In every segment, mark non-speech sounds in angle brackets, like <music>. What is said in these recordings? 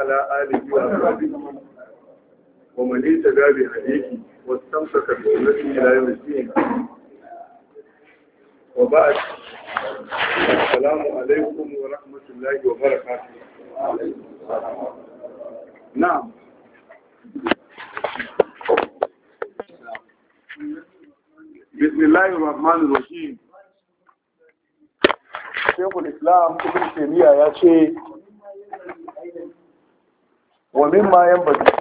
ala alihi wa sahbihi wa man ittaba bi hadihi wa istamsaka bi sunnati ila yawm al-din wa ba'd assalamu alaykum wa rahmatullahi wa barakatuh na'am bismillahir rahmanir rahim sheikhul islam ibn taymiyya ya ce wa mimma yanbaghi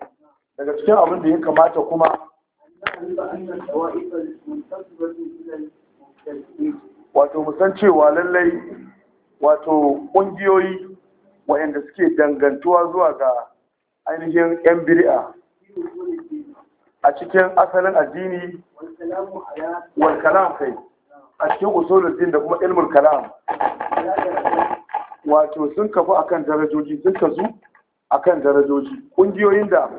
daga cikin abin da ya kamata kuma wato musan cewa lallai wato ƙungiyoyi waɗanda suke dangantuwa zuwa ga ainihin 'yan biri'a a cikin asalin addini wal kalam kai a cikin usulul da kuma ilmul kalam wato sun kafu akan darajoji sun kazu akan darajoji ƙungiyoyin da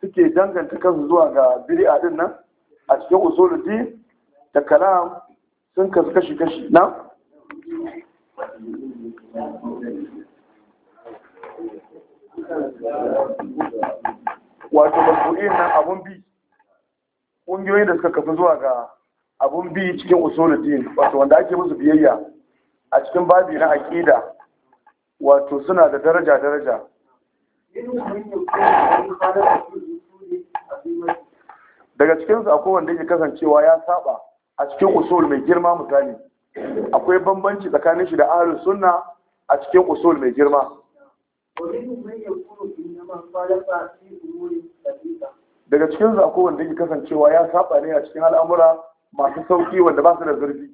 suke danganta kansu zuwa ga bid'a din nan a cikin usuluddin da kalam sun kasu kashi kashi na wato masu'in nan abun bi ƙungiyoyin da suka kafa zuwa ga abun bi cikin usuluddin wato wanda ake musu biyayya a cikin babi na aƙida wato suna da daraja daraja daga cikinsu akwai wanda yake kasancewa ya saba a cikin usul mai girma misali akwai bambanci tsakanin shi da ahlus sunna a cikin usul mai girma daga cikinsu akwai wanda yake kasancewa ya saba ne a cikin al'amura masu sauki wanda ba su da zurfi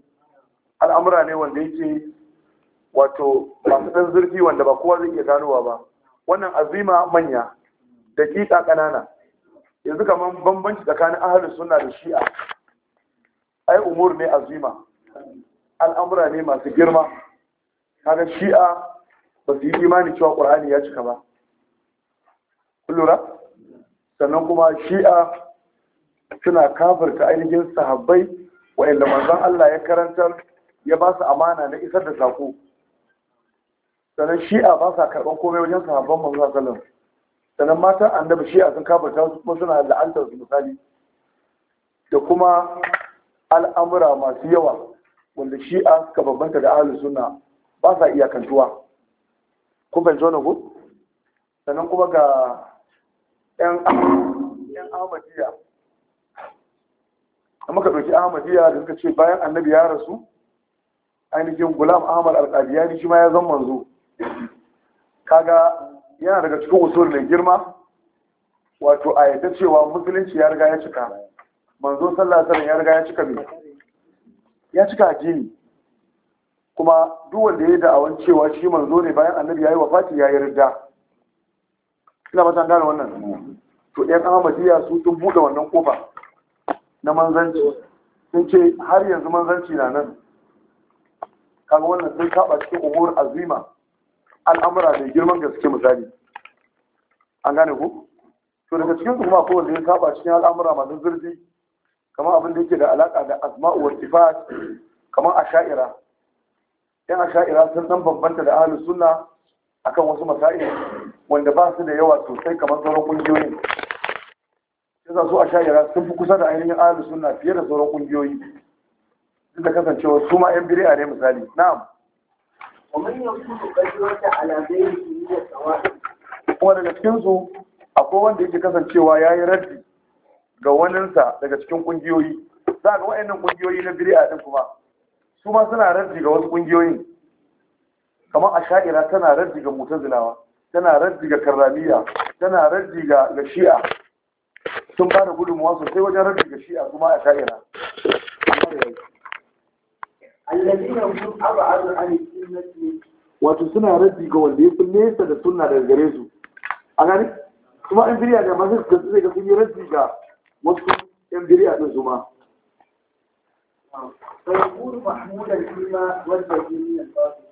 al'amura ne wanda yake wato masu ɗan zurfi wanda ba kowa zai iya ganowa ba wannan azima manya da daƙiƙa ƙanana yanzu kamar bambanci tsakanin ahalin suna da shi'a ai umur ne azima al'amura ne masu girma kaga shi'a ba su yi imani cewa ƙur'ani ya cika ba lura sannan kuma shi'a suna ta ainihin sahabbai wa'inda manzon Allah ya karantar ya ba su amana na isar da saƙo sannan shi'a ba sa karɓar komai wajen sahabban manzo sallam sannan matan annabi shi'a sun kafarta su kuma suna la'antar su misali da kuma al'amura masu yawa wanda shi'a suka bambanta da ahlus sunna ba sa iyakantuwa ban zo na ku? sannan kuma ga yan yan ahmadiyya da ɗauki ahmadiyya da suka ce bayan annabi ya rasu ainihin gulam ahmad al-qadiyani shi ma ya zama manzo kaga yana daga cikin usul mai girma wato a yadda cewa musulunci ya riga ya cika manzo sallah sallah ya riga ya cika mai ya cika addini kuma duk wanda ya yi da'awan cewa shi manzo ne bayan annabi ya yi wafati ya yi ridda ina ba gane wannan to ɗan ahmadiyya su sun buɗe wannan kofa na manzanci sun ce har yanzu manzanci na nan kaga wannan sun saba cikin umur azima al'amura da girman gaske misali an gane ku to daga cikin su kuma kowanne ya saba cikin al'amura masu zurfi kamar abin da yake da alaka da asma'u wa sifat kamar asha'ira yan asha'ira sun dan bambanta da ahlus sunna akan wasu masail wanda ba su da yawa sosai kamar sauran kungiyoyin yasa su asha'ira sun fi kusa da ainihin ahlus sunna fiye da sauran kungiyoyi duk da kasancewa su ma yan bid'a ne misali na'am kuma daga cikinsu akwai wanda yake kasancewa ya yi raddi ga waninsa daga cikin ƙungiyoyi za ga wa'annan ƙungiyoyi na a ɗin kuma su ma suna raddi ga wasu ƙungiyoyin kamar a sha'ira tana raddi ga mutazilawa tana raddi ga karramiya tana raddi ga shi'a sun ba da gudunmuwa sosai wajen raddi ga shi'a kuma a sha'ira alladina hum ab'adu an sunnati wato suna raddi ga wanda ya kulle sa da sunna daga gare su a gani kuma in biriya da masu ga su ga sun yi raddi ga wasu yan biriya din su ma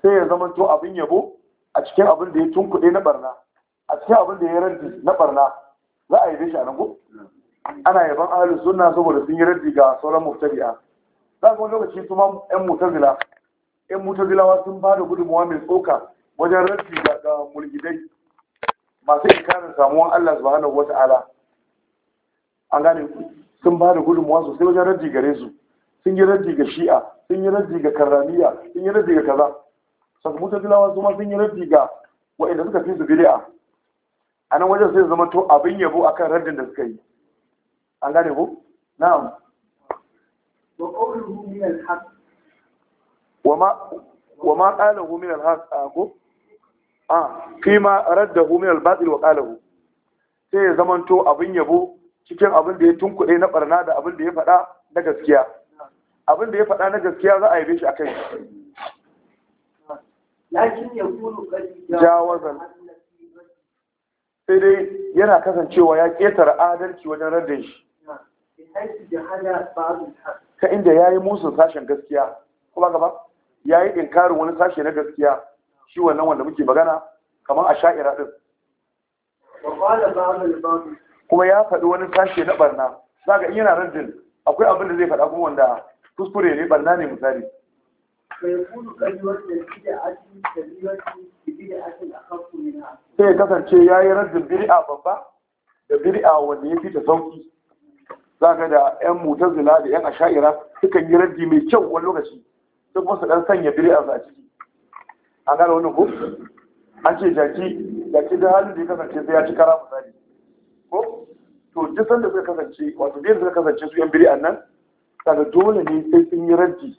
sai ya zama to abin yabo a cikin abin da ya tunkuɗe na barna a cikin abin da ya raddi na barna za a yi shi a nan ana yaban ahlus sunna saboda sun yi raddi ga sauran mubtadi'a za ga wani lokaci su ma 'yan mutazila 'yan mutazilawa sun ba da gudunmawa mai tsoka wajen rafi ga mulkidai masu ikanin samuwan Allah subhanahu wata'ala an gane sun ba da gudunmawa sosai wajen raji gare su sun yi raji ga shi'a sun yi raji ga karramiya sun yi raji ga kaza saka mutazilawa su ma sun yi raji ga wa'inda suka fi su bid'a a nan wajen sai zama to abin yabo akan raddin da suka yi an gane ko na'am وما قاله من الحق اكو اه فيما رده من الباطل وقاله sai ya zamanto abin yabo cikin abin da ya tunkuɗe na barna da abin da ya faɗa na gaskiya abin da ya faɗa na gaskiya za a yi shi a kai jawazan sai dai yana kasancewa ya ƙetare adalci wajen radda shi ta inda ya yi musu sashen gaskiya kuma gaba ya yi inkarin wani sashe na gaskiya shi wannan wanda muke magana kamar a sha'ira ɗin kuma ya faɗi wani sashe na barna za ga yana rajin akwai abin da zai faɗa kuma wanda kuskure ne barna ne misali sai kasance ya yi raddin biri'a babba da biri'a wanda ya fi ta sauki za ka da 'yan mutazila da 'yan asha'ira sukan yi raddi mai kyau wani lokaci sun kuma su sanya biri'arsa a ciki A gane wani ko an ce jaki jaki da halin da ya kasance sai ya ci kara misali ko to duk da suka kasance wato biyar suka kasance su 'yan biri'an nan kaga dole ne sai sun yi raddi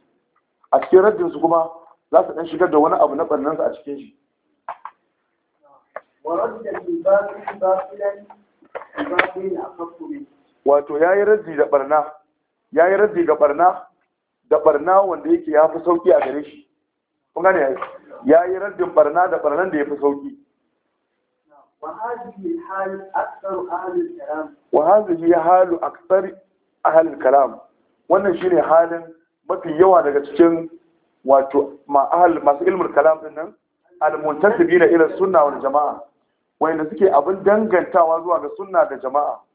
a cikin raddinsu su kuma za su ɗan shigar da wani abu na su a cikin shi ورد الباطل باطلا باطلا أخف منه wato yi raddi da barna yi raddi ga barna da barna wanda yake ya fi sauki a gare shi kun gane yayi raddin barna da barnan da ya fi sauki wa hadhihi halu aksar ahalin kalam wannan shine halin mafi yawa daga cikin wato masu ilmin kalam din nan almuntasibina ila sunna wal jama'a wanda suke abin dangantawa zuwa ga sunna da jama'a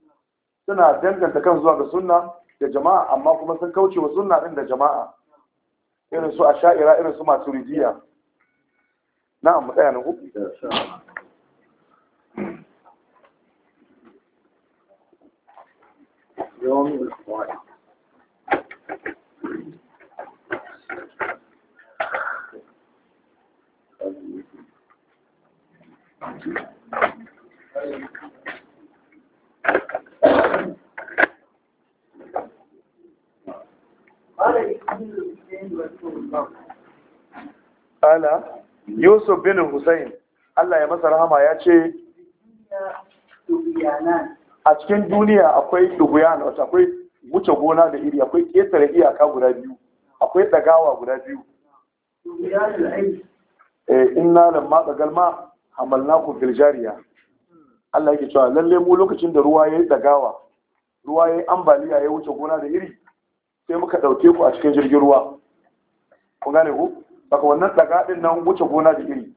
suna danganta kan zuwa ga sunna da jama'a amma kuma sun kauce wa sunna din da jama'a irin su asha'ira irin su rijiya. na mu tsaya na ku Thank you. Ala Yusuf bin Hussein Allah ya masa rahama ya ce a cikin duniya akwai duguyan wata akwai wuce gona da iri akwai ƙetare iyaka guda biyu akwai ɗagawa guda biyu eh, inna lamma tsagalma hamalnakum fil jariya Allah yake cewa lalle mu lokacin da ruwa ya yi ɗagawa, ruwa ya yi ambaliya ya wuce gona da iri sai muka ɗauke ku a cikin jirgin ruwa ku gane ku baka wannan daga ɗin nan wuce gona da iri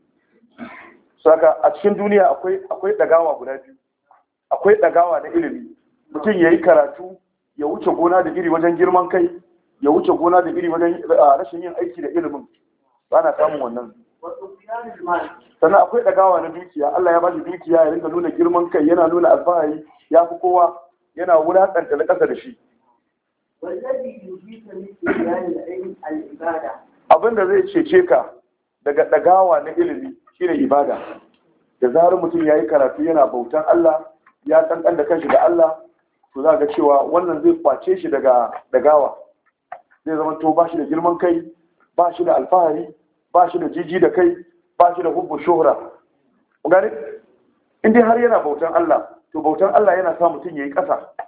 saka a cikin duniya akwai akwai dagawa guda biyu akwai dagawa na ilimi mutum ya yi karatu ya wuce gona da iri wajen girman kai ya wuce gona da iri wajen rashin yin aiki da ilimin ba na samun wannan sannan akwai dagawa na dukiya Allah ya bashi dukiya ya rinka nuna girman kai yana nuna alfahari ya fi kowa yana wulaƙanta na ƙasa da shi abin da zai cece ka daga ɗagawa na ilimi shine ibada da zarar mutum ya yi karatu yana bautan Allah ya kankan da kanshi da Allah to za ga cewa wannan zai kwace shi daga ɗagawa zai zama to ba da girman kai ba shi da alfahari ba da jiji da kai ba shi da hubbu shuhra gani in dai har yana bautan Allah to bautan Allah yana sa mutum ya yi ƙasa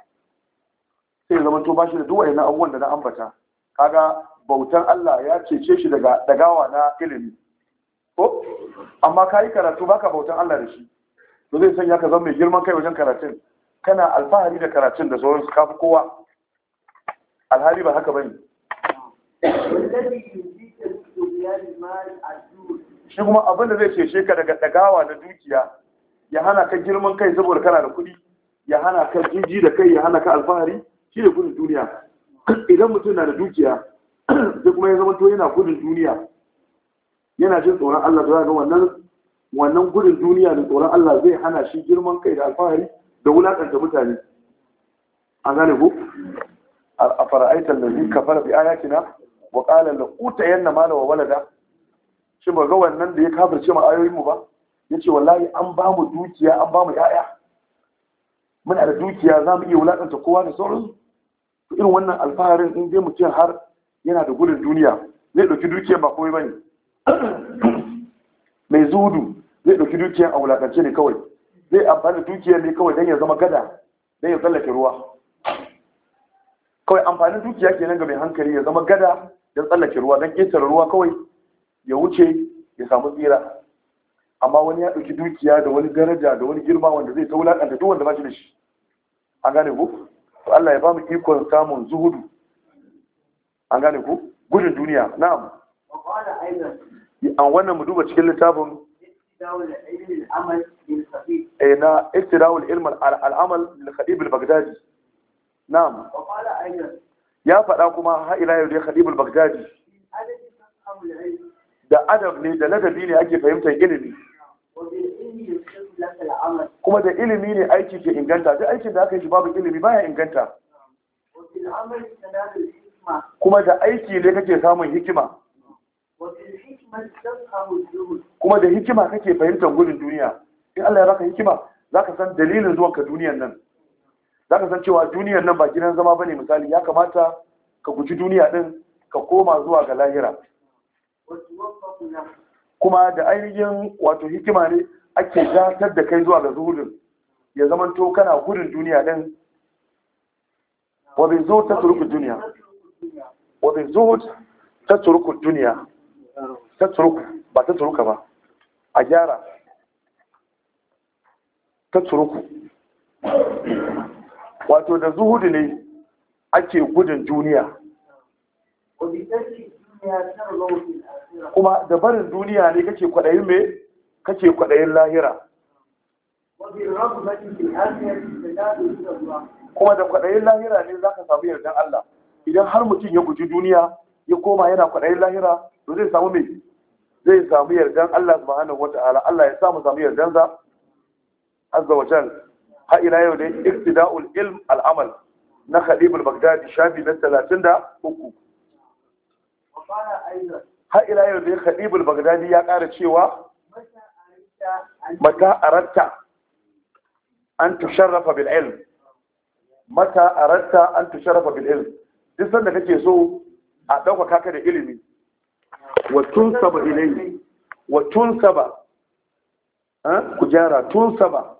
sai zama to bashi da duk na abubuwan da na ambata kaga bautan Allah ya cece shi daga dagawa na ilimi ko amma kai karatu baka bautan Allah da shi to zai sanya ka zama mai girman kai wajen karatun kana alfahari da karatun da sauransu kafi kowa alhali ba haka bane shi kuma abin da zai cece ka daga dagawa na dukiya ya hana ka girman kai saboda kana da kuɗi ya hana ka jinji da kai ya hana ka alfahari shi ne gudun duniya idan mutum na da dukiya <clears throat> sai kuma ya zama to yana gudun duniya yana jin tsoron Allah da ga wannan wannan gudun duniya da tsoron Allah zai hana shi girman kai da alfahari da wulakanta mutane an gane ko a fara'aitar da zika fara bi ayatina wa qala la utayanna mala wa walada shi ba ga wannan da ya kafirce mu ayoyin mu ba yace wallahi an ba mu dukiya an ba mu 'ya'ya. muna da dukiya za mu iya wulaƙanta kowa da sauransu irin wannan alfaharin in je mutum har yana da gudun duniya zai ɗauki dukiya ba komai ba ne mai zudu zai ɗauki dukiya a wulaƙance ne kawai zai amfani da dukiya ne kawai don ya zama gada don ya tsallake ruwa kawai amfanin dukiya kenan ga mai hankali ya zama gada don tsallake ruwa don ƙetare ruwa kawai ya wuce ya samu tsira amma wani ya ɗauki dukiya da wani daraja da wani girma wanda zai ta wulaƙanta duk wanda ba shi da shi an gane ku to Allah ya ba mu ikon samun zuhudu an gane ku gudun duniya na'am an wannan mu duba cikin littafin eh na istirawul ilmin al'amal lil khadib al baghdadi na'am ya faɗa kuma ha ila yau dai khadib al baghdadi da adab ne da ladabi ne ake fahimtar ilimi kuma da ilimi ne aiki ke inganta duk aikin da aka yi babu ilimi baya inganta kuma da aiki ne kake samun hikima kuma da hikima kake fahimtar gudun duniya in Allah ya baka hikima zaka san dalilin ka duniyan nan zaka san cewa duniyan nan ba gidan zama bane misali ya kamata ka guji duniya din ka koma zuwa ga lahira kuma da ainihin wato hikima ne ake datar da kai zuwa ga zuhudin ya to kana gudun duniya ɗin wabin zuhud ta turuku duniya wabin zuhud ta turuku duniya ta turuku ba ta turuka ba a gyara ta turuku wato da zuhudu ne ake gudun duniya kuma da barin duniya ne kake kwadayin me kake kwaɗayin lahira kuma da kwaɗayin lahira ne za ka samu yardan Allah idan har mutum ya guji duniya ya koma yana kwaɗayin lahira to zai samu me zai samu yardan Allah subhanahu wata'ala Allah ya samu samu yardan sa azza wa jal ha ila yau dai iktida'ul ilm al'amal na Khalid al-Baghdadi shafi na 33 har ila yau da khadibul bagdadi ya ƙara cewa mata aratta an tusharrafa bil ilm mata aratta an tusharrafa bil ilm duk sanda kake so a dauka kaka da ilimi wa tunsaba ilayhi wa tunsaba eh, ku gyara tunsaba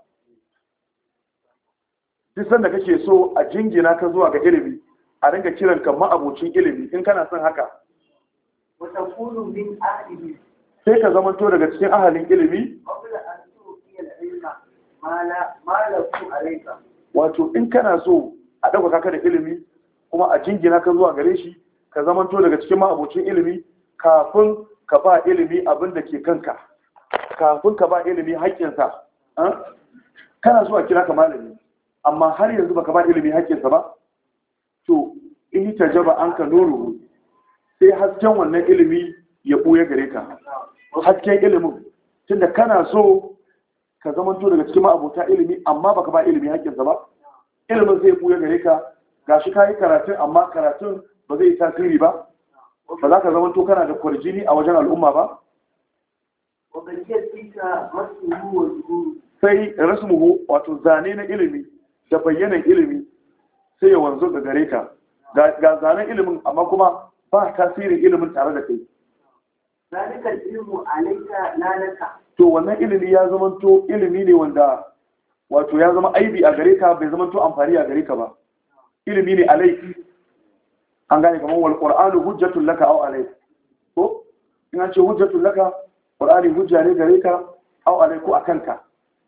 duk sanda kake so a jingina ka zuwa ga ilimi a ringa kiranka ma'abucin ilimi in kana son haka sai ka zamanto daga cikin ahalin ilimi wato in kana so a ɗaukaka ka da ilimi kuma a jingina ka zuwa gare shi ka to daga cikin ma'abocin ilimi kafin ka ba ilimi abin da ke kanka kafin ka ba ilimi haƙƙinsa kana so a kira ka malami amma har yanzu baka ba ilimi haƙƙinsa ba to in ta jaba an ka nuru sai hasken wannan ilimi ya buya gare ka hasken ilimin tunda kana so ka zamanto daga cikin ma'abota ilimi amma baka ba ilimi hakkinsa ba ilimin zai buya gare ka gashi ka yi karatun amma karatun ba zai yi tasiri ba ba za ka zamanto kana da kwarjini a wajen al'umma ba sai rasmuhu wato zane na ilimi da bayyanan ilimi sai ya wanzu ga gare ka ga zanen ilimin amma kuma ba tasirin ilimin tare da kai zalika ilmu alayka lalaka to wannan ilimi ya zama to ilimi ne wanda wato ya zama aibi a gare ka bai zama to amfani a gare ka ba ilimi ne alaiki? an gane kamar wal qur'anu hujjatul laka aw alai ko in an ce hujjatul laka qur'ani hujja ne gare ka aw alai ko akan ka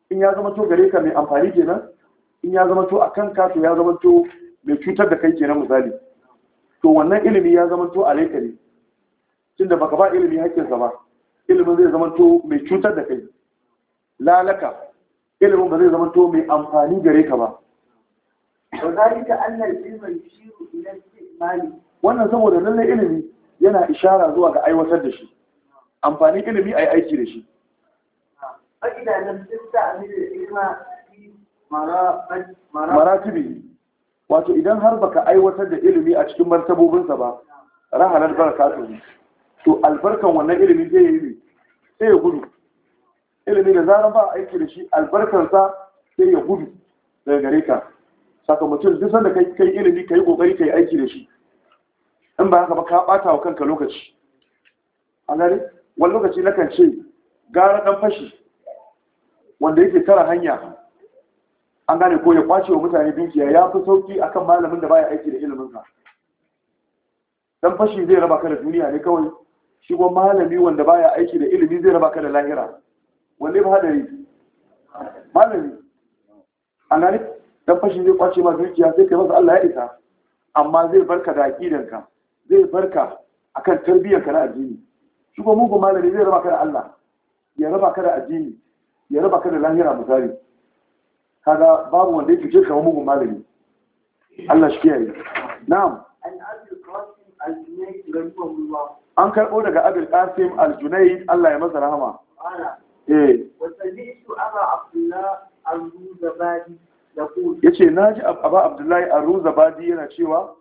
in ya zama to gare ka mai amfani kenan in ya zama to akan ka to ya zama to mai cutar da kai kenan misali to wannan ilimi ya zama to alaika ne tunda baka ba ilimi hakkinsa ba ilimin zai zama to mai cutar da kai lalaka ilimin ba zai zama to mai amfani gare ka ba wannan saboda lallai ilimi yana ishara zuwa ga aiwatar da shi amfanin ilimi a yi aiki da shi maratibi wato idan har baka aiwatar da ilimi a cikin martabobinsa ba rahalar barka ka to albarkan wannan ilimi zai yi ne sai ya gudu ilimi da zarar ba aiki da shi albarkansa sai ya gudu daga gare ka sakamakon duk sanda kai kai ilimi kai kokari kai aiki da shi in ba haka ba ka bata wa kanka lokaci a gare wani lokaci na kan ce gara dan fashi wanda yake tara hanya an gane ko ya kwace wa mutane dukiya ya fi sauki akan malamin da baya aiki da iliminsa dan fashi zai raba ka da duniya ne kawai shi kuma malami wanda baya aiki da ilimi zai raba ka da lahira wanne ba hadari malami an gane dan fashi zai kwace ma dukiya sai kai masa Allah ya isa amma zai barka da aqidanka zai barka akan ka na addini shi kuma mugun malami zai raba ka da Allah ya raba ka da addini ya raba ka da lahira misali kaga babu wanda ya cuce kamar mugun malami Allah shi kiyaye na'am an karɓo daga abul qasim al-junayd Allah ya masa rahama eh ya ce na ji abba abdullahi aruzabadi yana cewa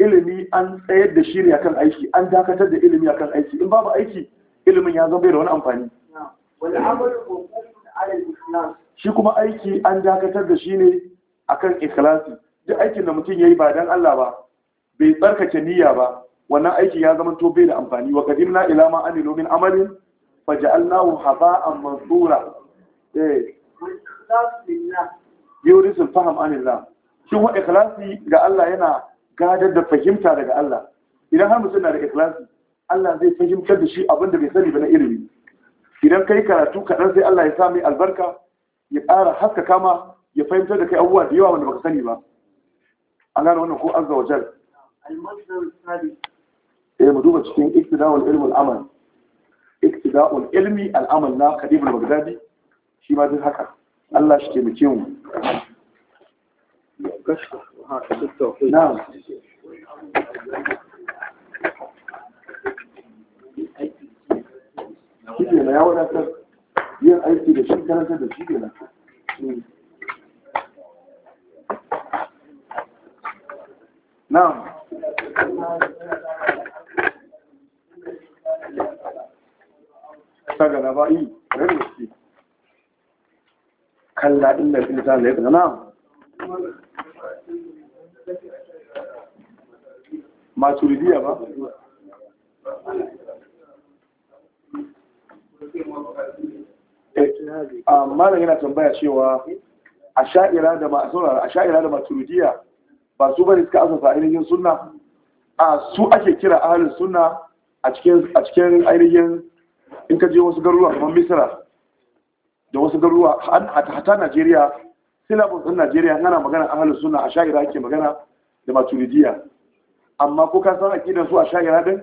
ilimi an tsayar da shiri akan aiki an dakatar da ilimi akan aiki in babu aiki ilimin ya zama bai da wani amfani shi kuma aiki an dakatar da shi ne akan ikilasi. da aikin da mutum ya yi ba don Allah ba bai tsarkake niyya ba wannan aiki ya zama tobe da amfani wa qadimna na ilama an min amalin faj'alnahu Haba, mansura eh yurisul faham anillah shi kuma ikilasi ga Allah yana gadar da fahimta daga Allah idan har mutum na da ikilasi, Allah zai fahimtar da shi abin da bai sani ba na ilimi idan kai karatu kaɗan sai Allah ya sa mai albarka ya ƙara haska kama ya fahimtar da kai abubuwa da yawa wanda baka sani ba an gane wannan ko azza wa jal eh mu duba cikin iktida'ul ilmi al-amal iktida'ul ilmi al-amal na Kadim al-Baghdadi shi ma duk haka Allah shi taimake mu na'am shi ke na ya wadatar yin aiki da shi karanta da shi ke na na'am ta gana ba yi rin da shi kalla inda shi ta laifin na'am maturidiya ba Ah, malam yana tambaya cewa a sha'ira da masu a sha'ira da maturidiya ba su bane suka asasa ainihin suna a su ake kira ahalin suna a cikin ainihin in ka je wasu garuruwa kamar misira da wasu garuruwa hata najeriya silabus din najeriya ana magana ahalin suna a sha'ira ake magana da maturidiya amma ko ka san aƙidar su a sha'ira din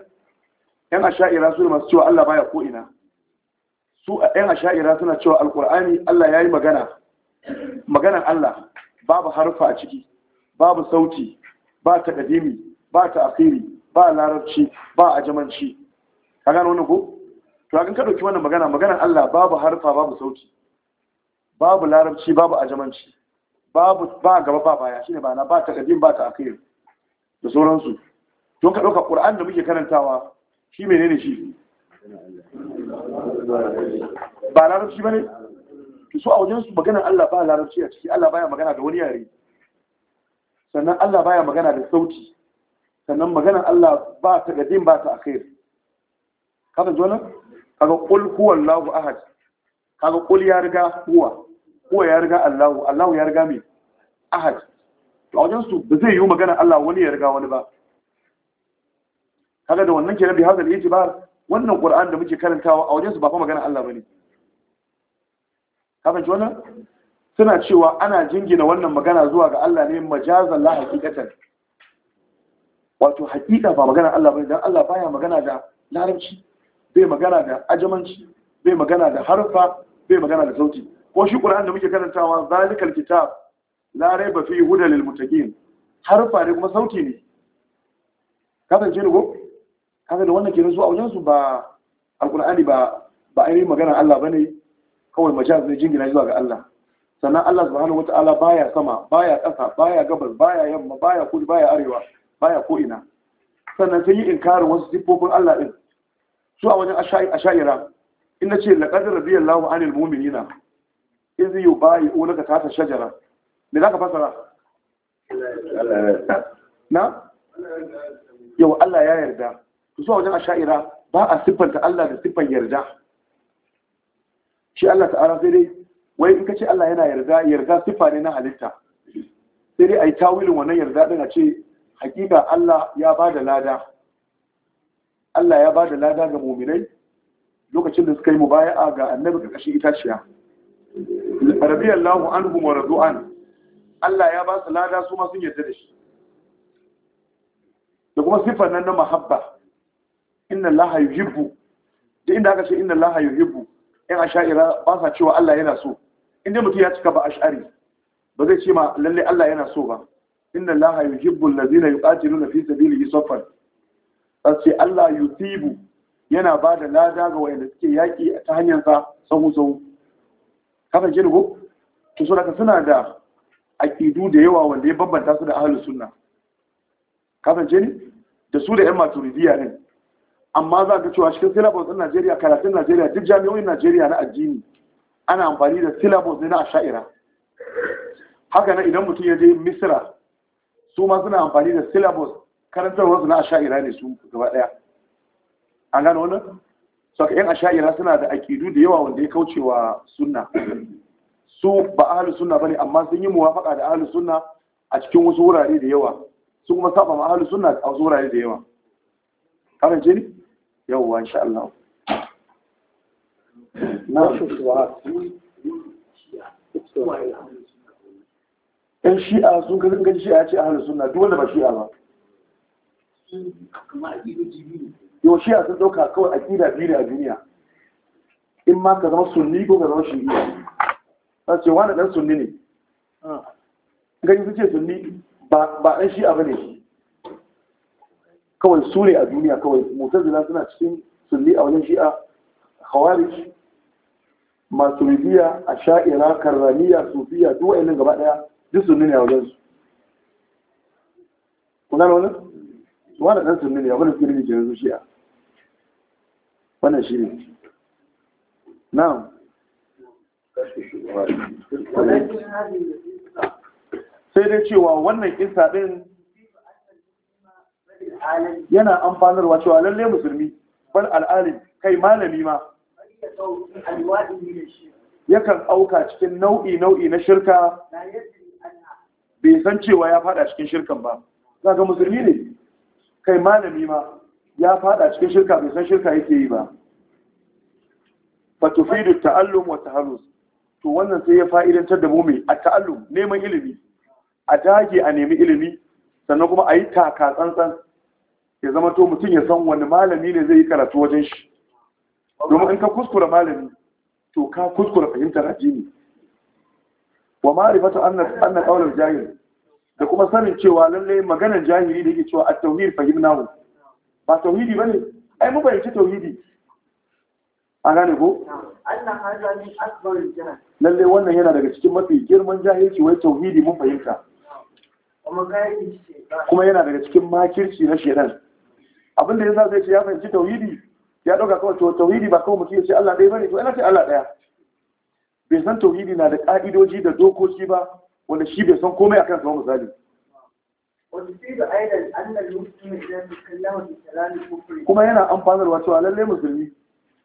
yan a sha'ira su da masu cewa allah baya ko ina su a ɗayan asha'ira suna cewa alkur'ani Allah ya yi magana maganan Allah babu harfa a ciki babu sauti ba ta ƙadimi ba ta afiri ba larabci ba a jamanci ka gano wani ko? to ka ɗauki wannan magana maganan Allah babu harfa babu sauti babu larabci babu a jamanci babu ba gaba ba baya shine ba na ba ta ƙadimi, ba ta afiri da sauransu don ka ɗauka ƙur'an da muke karantawa shi menene shi ba larabci ba ne su a wajensu maganar Allah ba larabci a ciki Allah baya magana da wani yare sannan Allah baya magana da sauti sannan maganar Allah ba ta gadin ba ta akhir kaga jona kaga qul huwallahu ahad kaga qul ya riga huwa huwa ya riga Allahu Allahu ya riga me ahad to wajensu ba zai yi magana Allah wani ya riga wani ba kaga da wannan kenan bi hadal ijibar wannan ƙura'an da muke karantawa a wajen su ba fa magana Allah bane kafin wannan suna cewa ana jingina wannan magana zuwa ga Allah ne majazan la haƙiƙatar wato haƙiƙa ba magana Allah bane don Allah baya magana da larabci bai magana da ajamanci bai magana da harfa bai magana da sauti ko shi ƙura'an da muke karantawa zalikal kitab la raiba fi hudal lil muttaqin harfa ne kuma sauti ne kafin shi ne ko kaga da wannan ke su a wajen su ba alkur'ani ba ba ainihin magana Allah bane kawai majaz ne jingina zuwa ga Allah sannan Allah subhanahu wataala baya sama baya ƙasa baya gabas baya yamma baya kudu baya arewa baya ko ina sannan sai yi inkarin wasu siffofin Allah din su a wajen asha'ira in na ce laƙadar radiyallahu anil mu'minina in zai yi bayi o laka tata shajara me za ka fasara na yau Allah ya yarda to zuwa wajen asha'ira ba a siffanta Allah da siffan yarda shi Allah ta'ala sai dai wai in ka ce Allah yana yarda yarda siffa ne na halitta sai dai a yi tawilin wannan yarda din a ce hakika Allah ya ba da lada Allah ya ba da lada ga muminai lokacin da suka yi mubaya'a ga annabi ƙarƙashin itaciya radiyallahu anhum wa radu'an Allah ya ba su lada su ma sun yarda da shi da kuma siffar nan na mahabba inna Laha yuhibbu da inda aka ce inna allaha yuhibbu yan asha'ira ba sa cewa Allah yana so inda mutum ya cika ba ash'ari ba zai ce ma lalle Allah yana so ba inna allaha yuhibbu allazina yuqatiluna fi sabilihi safan sai Allah yusibu yana ba da lada ga wayanda suke yaƙi ta hanyar sa sahu sahu kasan ke ko to so daga suna da aqidu da yawa wanda ya bambanta su da ahlus sunna kasan ke da su da yan maturidiya ne amma za ka cewa cikin syllabus ɗin Najeriya karatun Najeriya duk jami'o'in Najeriya na addini ana amfani da syllabus ne na asha'ira haka na idan mutum ya je Misira su ma suna amfani da syllabus karantarwar su na asha'ira ne su gaba ɗaya an gano wannan saka yan asha'ira suna da aƙidu da yawa wanda ya kauce wa sunna su ba ahlus sunna bane amma sun yi muwafaqa da ahlus sunna a cikin wasu wurare da yawa su kuma saba ma ahlus sunna a wasu wurare da yawa kamar jini yawwa insha Allah na shi shuwa ɗan shi'a sun gani ganin shi'a ce ahalin suna duk wanda ba shi'a ba yau shi'a sun ɗauka kawai aƙida biyu da duniya in ma ka zama sunni ko ka zama shi shi'a a ce wani dan sunni ne gani su ce sunni ba ɗan shi'a ba ne kawai sure a duniya kawai mutazila suna cikin sulli a wajen shi'a khawarij maturidiya a sha'ira karramiya sufiya duk nan gaba daya duk sunni ne a wajen su kuna wani su wani dan sunni ne a wani suke rikice yanzu shi'a wannan shi ne na'am sai dai cewa wannan kisa ɗin. yana amfanarwa cewa lalle musulmi bar al'alim kai malami ma yakan auka cikin nau'i nau'i na shirka bai san cewa ya fada cikin shirkan ba ga musulmi ne kai malami ma ya fada cikin shirka bai san shirka yake yi ba tufidu ta'allum wa tahallus to wannan sai ya fa'idantar da mu mai a ta'allum neman ilimi a dage a nemi ilimi sannan kuma a yi taka ya zama to mutum ya san wani malami ne zai yi karatu wajen shi domin in ka kuskura malami to ka kuskura fahimtar addini wa ma'rifatu anna anna qawlul jahil da kuma sanin cewa lallai maganar jahili da yake cewa at-tauhid fahimnahu ba tauhidi bane ai mu bayyana tauhidi a gane ko lallai wannan yana daga cikin mafi girman jahilci wai tauhidi mun fahimta kuma yana daga cikin makirci na shedan abin da ya zai ce ya fahimci tauhidi ya ɗauka kawai to tauhidi ba kawai mutum ya ce Allah ɗaya bane to ina ce Allah ɗaya bai san tauhidi na da ƙa'idoji da dokoki ba wanda shi bai san komai akan sa misali kuma yana amfanarwa cewa lalle musulmi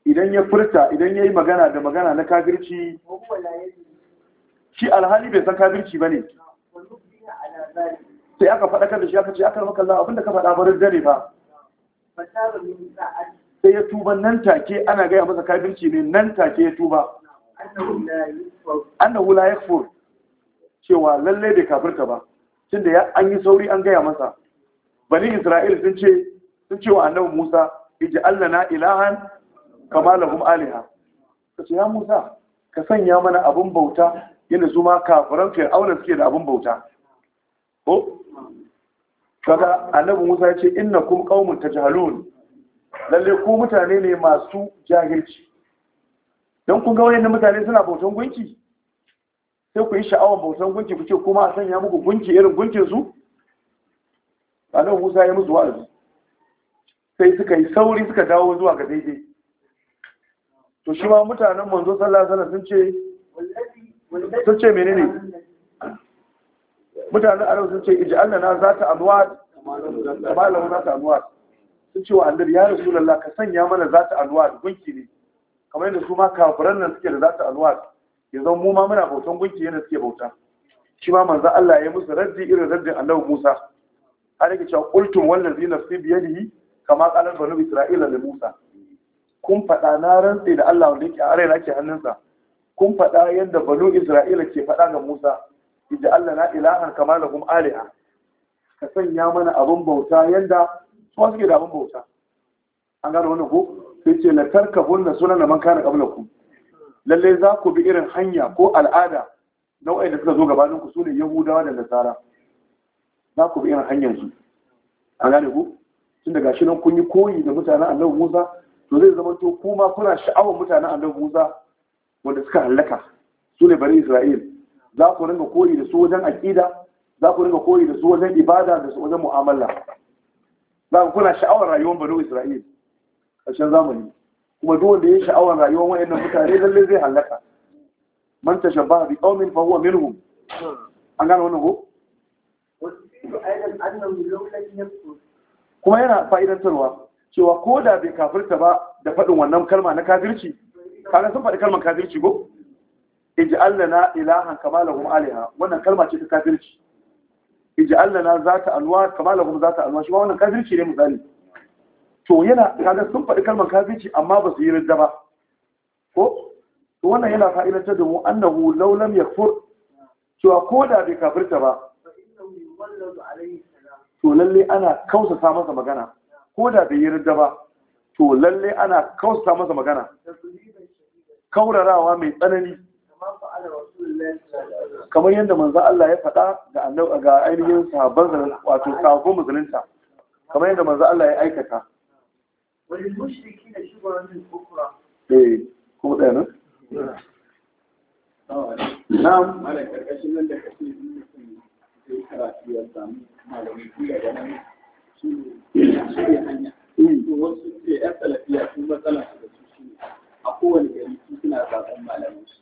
idan ya furta idan ya yi magana da magana na kafirci shi alhali bai san kafirci ba ne sai aka faɗakar da shi aka ce aka maka Allah abinda ka faɗa barin dare ba sai ya tuba nan take ana gaya masa kafirci ne nan take ya tuba annahu ya yakfur cewa lalle bai kafirta ba tunda da an yi sauri an gaya masa bani isra'il sun ce sun ce wa annabu Musa ij'alna ilahan kama lahum aliha ce ya Musa ka sanya mana abin bauta yana zuma kafiran fir'auna suke da abin bauta kaga annabi Musa ya ce innakum qaumun tajhalun lalle ku mutane ne masu jahilci dan kun ga wayannan mutane suna bautan gunki sai ku yi sha'awar bautan gunki ku ce kuma a sanya muku gunki irin gunkin su annabi Musa ya musu wa'azi sai suka yi sauri suka dawo zuwa ga daidai to shi ma mutanen manzo sallallahu alaihi wasallam sun ce sun ce menene mutanen arewa sun ce ij'alna na zata da malamu za ta anwar sun ce wa annabi ya lalla! ka sanya mana za zata anwar gunki ne kamar yadda su ma kafiran nan suke da za zata Ya yanzu mu ma muna bautan gunki yadda suke bauta shi ma manzan Allah ya musu raddi irin raddin annabi Musa har yake cewa su biya da yi kama qalan banu isra'ila da Musa kun faɗa na rantsi da Allah wanda yake a arewa ake hannunsa kun faɗa yadda banu isra'ila ke faɗa ga Musa Allah na ilahan kama kuma aliha ka sanya mana abin bauta yadda su suke da abin bauta an gano wani ku, sai ce suna na manka man kana ku. Lallai za ku bi irin hanya ko al'ada na da suka zo gabanin ku ne yahudawa da nasara za ku bi irin hanyar su an gane ku tun daga shi nan kun yi koyi da mutanen annabi Musa to zai zama to kuma kuna sha'awar mutanen annabi Musa wanda suka halaka su ne bari Isra'il za ku ringa koyi da su wajen aƙida za ku ringa koyi da su wajen ibada da su wajen mu'amala za ku kuna sha'awar rayuwar banu isra'il ƙarshen zamani kuma duk wanda ya sha'awar rayuwar wa'annan mutane lallai zai halaka man tashabbaha bi qaumin fa huwa minhum an gane wannan ko kuma yana fa'idantarwa cewa ko da bai kafirta ba da faɗin wannan kalma na kafirci kaga sun faɗi kalmar kafirci ko ij'al allana ilahan kama lahum alaha wannan kalma ce ta kafirci ij'al lana zata alwa kama lahum zata alwa shi wannan kafirci ne misali to yana kaga sun faɗi kalmar kafirci amma ba su yi ridda ba ko to wannan yana fa'idantar da mu annahu law lam yakfur cewa ko da bai kafirta ba to lalle ana kausasa masa magana ko da bai yi ridda ba to lalle ana kausasa masa magana kaurarawa mai tsanani kamar yadda manzan Allah ya faɗa ga ainihin sahabban wato sahabban musulunta kamar yadda manzan Allah ya aikata eh kuma ɗaya nan na'am karkashin nan da kake yi karatu ya samu malamin kuya da nan su ne hanya wasu ce yan talafiya sun matsala da su shi a kowane gari suna zaɓen malamin su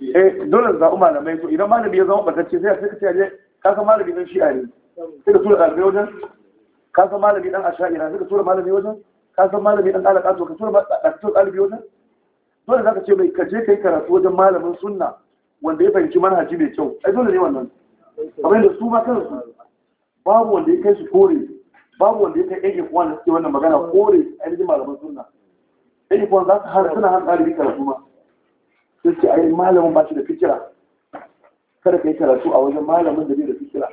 eh dole za umma malamai to idan malami ya zama batacce sai sai ka ce ka san malami dan shi'a ne sai ka tura ɗalibai wajen ka san malami dan asha'ira sai ka tura malami wajen ka san malami dan alaƙa to ka tura ɗalibai wajen dole za ka ce mai kaje ka yi karatu wajen malamin sunna wanda ya fahimci manhaji mai kyau ai dole ne wannan kamar yadda su ma kansu babu wanda ya kai su kore babu wanda ya kai ɗan ikuwan da suke wannan magana kore ainihin malamin sunna ɗan ikuwan za su hana suna hana ɗalibi karatu ma sai ce ai malamin ba shi da fikira kada ka yi karatu a wajen malamin da bai da fikira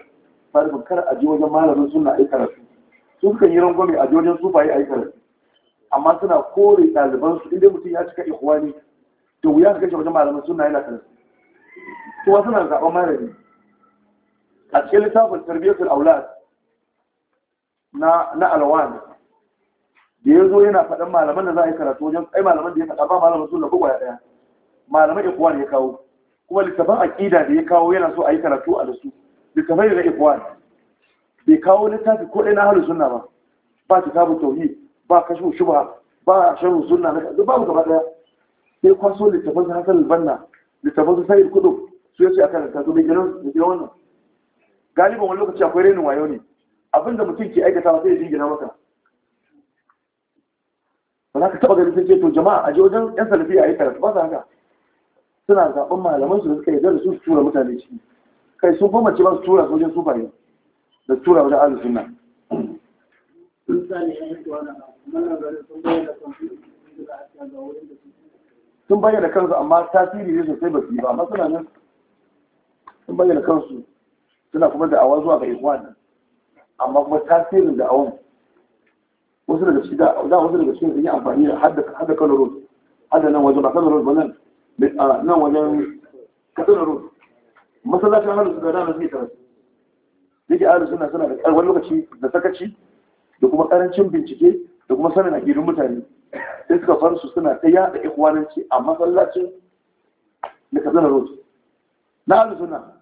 farkon kar a je wajen malamin suna yi karatu su suka yi rangwame a je wajen sufaye yi karatu amma suna kore ɗaliban su inda mutum ya cika ikhwani to wuya ka kashe wajen malamin suna yana karatu kuma suna zaɓen malami a cikin littafin tarbiyyatul aulad na na alwan da ya zo yana faɗan malaman da za a yi karatu wajen ai malaman da ya faɗa ba malamin sunna ko ɗaya malamai ikuwan ya kawo kuma littafin aƙida da ya kawo yana so a yi karatu a dasu. su littafai da ikuwan bai kawo littafi ko ɗaya na halin suna ba ba kitabun Tauhi, ba kashin shubha ba sharhu suna. na duk babu gaba ɗaya sai kwaso littafin hasar albanna littafin su sayyid kudu su ya ce a karanta su bai gina wannan galiban wani lokaci akwai renin wayo ne abinda mutum ke aikatawa sai ya jingina maka ba za ka taɓa ganin sai ce to jama'a a je wajen yan salafi a yi karatu ba sa haka suna zaɓen malaman su da suka yarda da su su tura mutane ciki kai sun gwamnati ba su tura su wajen da tura wajen alu suna sun bayyana kansu amma tasiri ne sosai ba su yi ba amma suna nan sun bayyana kansu suna kuma da awa zuwa ga ikwan amma kuma tasirin da awon wasu daga cikin da wasu daga cikin sun yi amfani da hadda kano road hadda nan wajen ba kano road ba nan A nan wajen katsina road masallacin ahalus da dana zai karatu yake ahalus suna suna da wani lokaci da sakaci da kuma karancin bincike da kuma sanin aƙidun mutane sai suka fara su suna ta yaɗa ikwananci a masallacin da katsina road na ahalus suna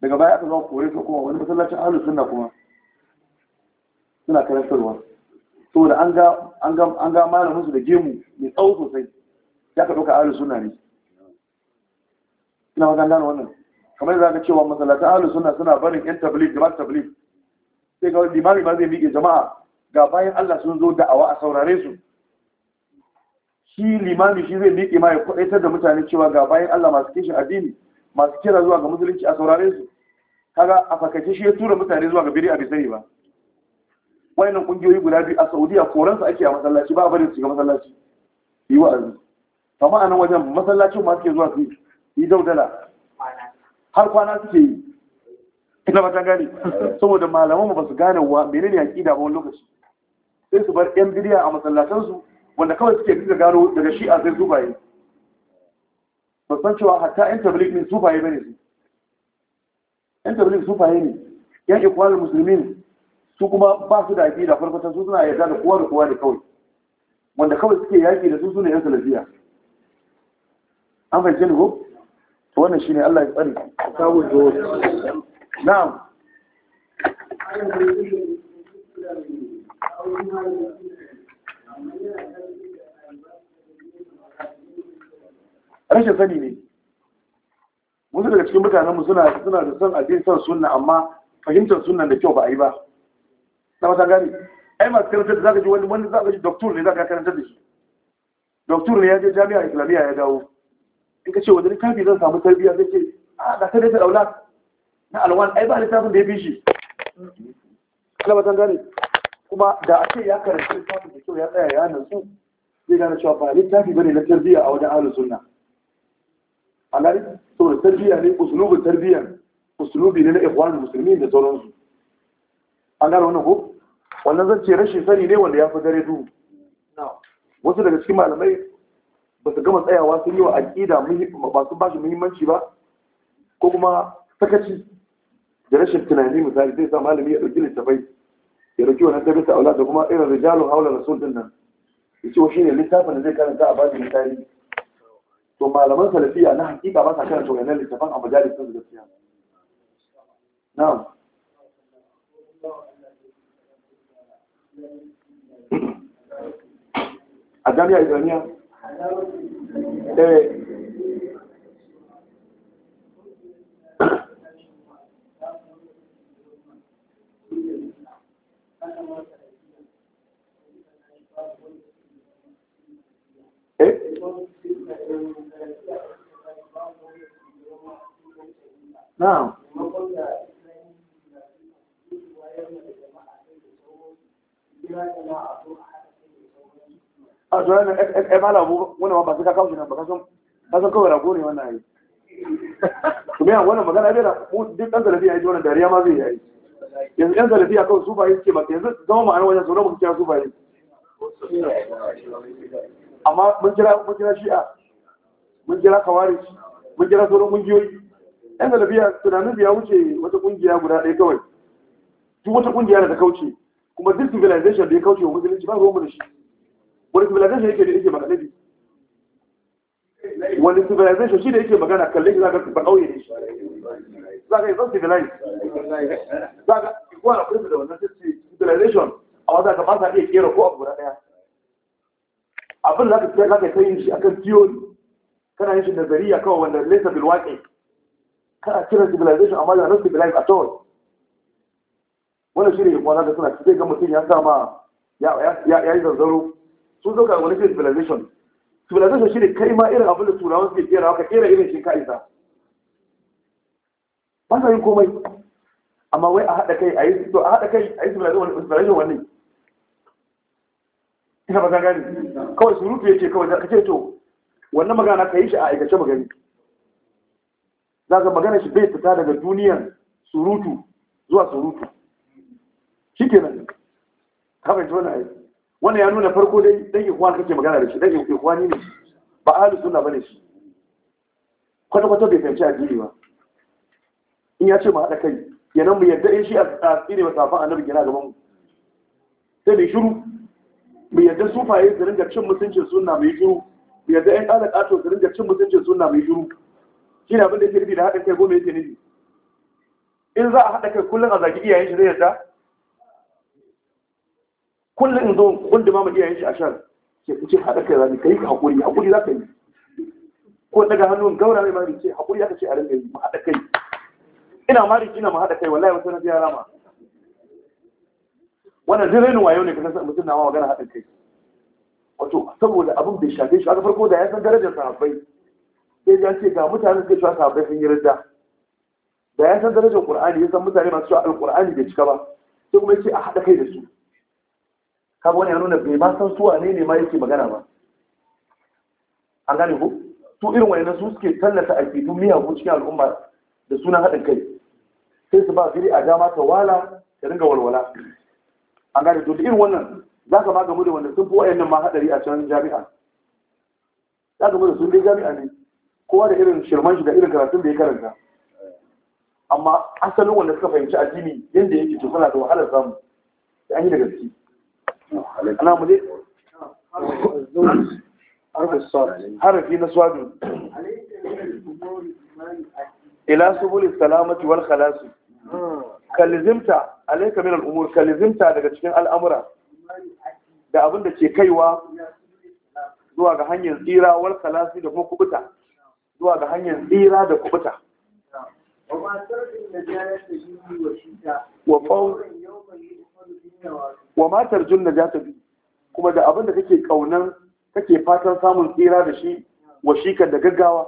daga baya aka zama kore ta kuma wani masallacin ahalus suna kuma suna karantarwa saboda an ga malaminsu da gemu mai tsawo sosai ya ka ɗauka ahalus suna ne ina wajen gano wannan kamar yadda zaka cewa masallatan ahalus suna suna barin yan tabligh jama'at tabligh sai ga limami ma zai miƙe jama'a ga bayan Allah sun zo da'awa a saurare su shi limami shi zai miƙe ma ya kwaɗaitar da mutane cewa ga bayan Allah masu kishin addini masu kira zuwa ga musulunci a saurare su kaga a fakace shi ya tura mutane zuwa ga biri a bisani ba wayannan kungiyoyi guda biyu a Saudiya koransu ake a masallaci ba a barin su ga masallaci yi wa'azi kama a nan wajen masallacin ma suke zuwa su yi daudala har kwana suke yi ina ba ta gane saboda malaman ba su gane wa menene yaƙi da wani lokaci sai su bar yan bidiya a masallacansu wanda kawai suke duka gano daga shi a sai zubaye ba san cewa hatta yan tablik ne zubaye bane su yan tablik zubaye ne yan ikwalar musulmin su kuma ba su da aƙida farfata su suna yarda da kowa da kowa da kawai wanda kawai suke yaƙi da su sune yan salafiya an fahimce ni ko to wannan shine Allah ya tsare kawo do na'am rashin sani ne wasu daga cikin mutanenmu suna suna da son abin son sunna amma fahimtar sunna da kyau ba a yi ba na mata gani ai masu karantar da zaka ji wani wani zaka ji doktor ne zaka karantar da shi doktor ne ya je jami'a islamiyya ya dawo in ka ce wajen littafi zan samu tarbiyya zai ce a ah, ga sai da daula na alwan ai ba littafin da ya bishi. shi kalmatan gane kuma da a ce ya karanta littafin da kyau ya tsaya ya nutsu zai gane cewa ba littafi bane na tarbiyya a wajen ahlus sunna a gani saboda tarbiyya ne usulubin Tarbiyyar usulubi ne na Ikhwan Musulmi da sauransu an gane wannan ko wannan zan ce rashin sani ne wanda ya fi dare duhu wasu daga cikin malamai ba su gama tsayawa sun yi wa aƙida ba su ba shi muhimmanci ba ko kuma sakaci da rashin tunani misali zai sa malami ya ɗauki littafai ya ɗauki wannan tabbata aula da kuma irin rijalun haula da sun nan ya ce wa ne littafin da zai karanta a bajin tarihi to malaman salafiya na hakika ba sa karanta wannan littafan a majalisun da gaskiya na'am a jami'a ibraniya Eh. Eh? Na'am. Kira jama'a a zuwa nan ɗan eh, eh, eh, malabu wani ba su ka kawo shi nan ba ka san kawai rago ne wannan yayi kuma yan wannan magana bai da duk ɗan zarafi ya ji wannan dariya ma zai yayi yanzu ɗan zarafi ya kawai su ba yi suke ba yanzu zama ma'ana wajen sauran mu kira su ba yi amma mun kira mun kira shi'a mun kira kawari mun kira sauran ƙungiyoyi ɗan zarafi tunanin ya wuce wata ƙungiya guda ɗaya kawai duk wata ƙungiya da ta kauce kuma duk civilization da ya kauce wa musulunci ba ruwan mu da shi wani civilization yake da yake magana ne wani civilization shi da yake magana kalle shi zaka ba kauye ne zaka yi zan civilize zaka igual na su da wannan civilization a wanda ka ba sa iya kera ko abu guda daya abin da za ka kai yin shi akan theory kana yin shi nazariya kawai wanda laysa bil waqi kana kira civilization amma da not civilize at all wannan shi ne igual zaka suna cikin ga mutum ya sama ya ya ya yi zanzaro sun zo ga wani civilization civilization shi ne kai ma irin abin da turawan suke kera haka kera irin shi ka'isa ba sa yin komai amma wai a haɗa kai a yi to a haɗa kai a yi civilization wani ina ba gani kawai surutu ya ce kawai ka ce to wannan magana ka yi shi a aikace magani za ka magana shi bai fita daga duniyan surutu zuwa surutu shi kenan ka bai tona yi wannan ya nuna farko dai dan ikhwan kake magana da shi dan ikhwani ne ba ahlus sunna bane shi kwata kwata bai fahimci addini ba in ya ce mu haɗa kai yanan mu yadda shi a tsire wa safan annabi gina gaban mu sai mai shiru mu yadda sufaye su ringa cin mutuncin sunna mai shiru mu yadda ƴan ƙalar ƙato su ringa cin mutuncin sunna mai shiru shi ne abin da yake da haɗa kai goma ce ne. in za a haɗa kai kullum a zaki iyayen shi zai yarda kullum in zo kullum ma mu iyayen shi a shan ke kuce haɗa kai rami kai ka haƙuri haƙuri za ka yi ko daga hannun gaura mai mari ce haƙuri aka ce a rinka yi mu haɗa kai ina mari ina mu haɗa kai wallahi wata na biya rama wannan duk wayo ne ka san mutum na ma magana haɗin kai wato saboda abin bai shafe shi aka farko da ya san darajar sahabbai sai ya ce ga mutane suke cewa sahabbai sun yi ridda da ya san darajar qur'ani ya san mutane masu al alqur'ani bai cika ba sai kuma ya ce a haɗa kai da su kaga wani ya nuna bai ma san suwa ne ne ma yake magana ba an gane ko su irin wani su suke tallata alfidu ko cikin al'umma da sunan haɗin kai sai su ba biri a dama ta wala ta ringa walwala an gane to irin wannan za ka gamu da wanda sun fi wayannan ma haɗari a can jami'a za ka da sun dai jami'a ne kowa da irin shirman shi da irin karatun da ya karanta amma asalin wanda suka fahimci addini yadda yake to suna da wahalar samu da an yi da gaske ana mu dai harafi na swadu ila subul salamati wal khalas kalizimta alayka min al umur kalizimta daga cikin al'amura da abin da ke kaiwa zuwa ga hanyar tsira wal khalasi da kuma kubuta zuwa ga hanyar tsira da kubuta wa fawz wa matar za ta bi kuma da abin da kake kaunan kake fatan samun tsira da shi wa shi ka da gaggawa